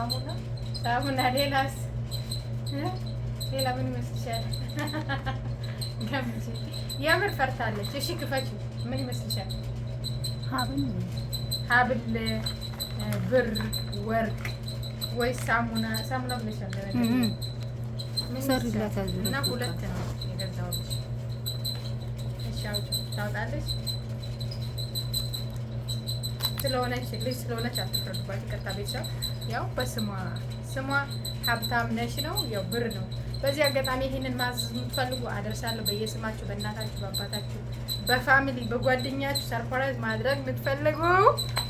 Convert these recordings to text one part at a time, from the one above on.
ሳሙና ሳሙና፣ ሌላስ ሌላ ምን ይመስልሻል? የምር ፈርታለች። እሺ ክፈች። ምን ይመስልሻል? ሀብል ብር፣ ወርቅ ወይ ሳሙና? ሳሙና ብለሻል። እና ሁለት ነው የገዛሁት። ታውጣለች ስለሆነች ልጅ ስለሆነች አትፍረዱባት። ይቅርታ ቤተሰብ ያው በስሟ ስሟ ሀብታም ነሽ ነው ያው ብር ነው። በዚህ አጋጣሚ ይህንን ማዘዝ የምትፈልጉ አደርሳለሁ። በየስማችሁ በእናታችሁ፣ በአባታችሁ፣ በፋሚሊ በጓደኛችሁ ሰርፕራይዝ ማድረግ የምትፈልጉ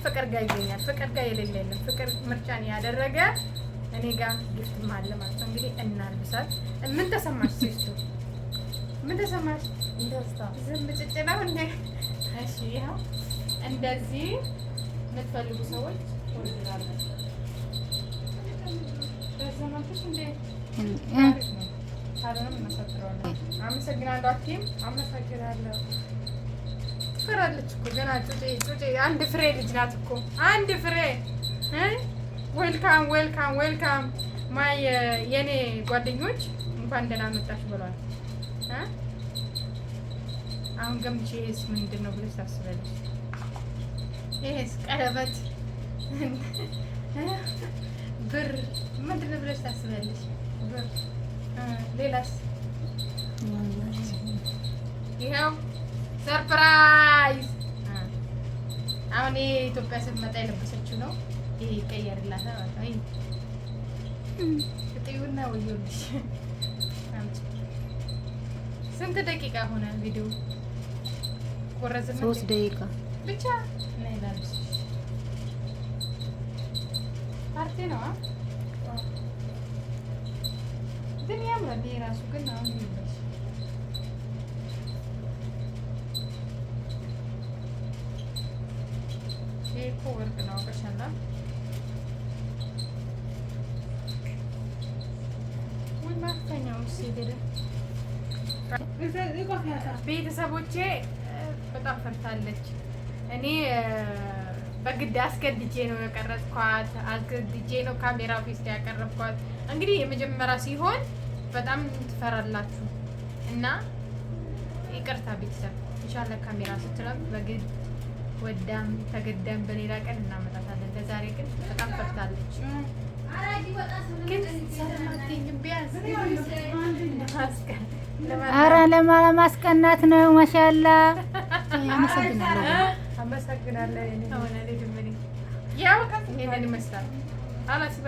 ፍቅር ጋር ይገኛል። ፍቅር ጋር የሌለ የለም። ፍቅር ምርጫን ያደረገ እኔ ጋር ግፍትም አለ ማለት ነው። እንግዲህ እናልብሳት። ምን ተሰማሽ ሴስቱ? ምን ተሰማሽ? ዝም ብጭጭ ነው እንደ እሺ፣ ይኸው እንደዚህ የምትፈልጉ ሰዎች አመሰግናለሁ። አኪም አመሰግናለሁ። ትፈራለች እኮ ገና ጩጬ ጩጬ አንድ ፍሬ ልጅ ናት እኮ አንድ ፍሬ። ዌልካም ዌልካም ዌልካም ማይ የኔ ጓደኞች እንኳን ደህና መጣሽ ብሏል። አሁን ገምቼ ይሄስ ምንድን ነው ብለሽ ታስበለች ይሄስ ቀለበት ብር ምንድን ብለሽ ታስበልሽ? ብር ሌላስ? ይኸው ሰርፕራይዝ። አሁን ይሄ ኢትዮጵያ ስትመጣ የለበሰችው ነው። ይሄ ይቀየርላታል ማለት ነው። እጥዩና ወየሁልሽ። ስንት ደቂቃ ሆነ ቪዲዮ? ሶስት ደቂቃ ብቻ ፓርቲ ነው ግን ያምራል። የራሱ ግን አሁን እኮ ወርቅ ነው አውቀሻላ። ቤተሰቦቼ በጣም ፈርታለች። እኔ በግድ አስገድጄ ነው የቀረጽኳት፣ አስገድጄ ነው ካሜራ ፊስ ያቀረብኳት። እንግዲህ የመጀመሪያ ሲሆን በጣም ትፈራላችሁ እና ይቅርታ ቤተሰብ። ኢንሻላህ ካሜራ ስትለም በግድ ወዳም ተገዳም በሌላ ቀን እናመጣታለን። ለዛሬ ግን በጣም ፈርታለች። ኧረ ለማለማስቀናት ነው ማሻላ። አመሰግናለሁ። አመሰግናለሁ። ያው ይሄንን ይመስላል።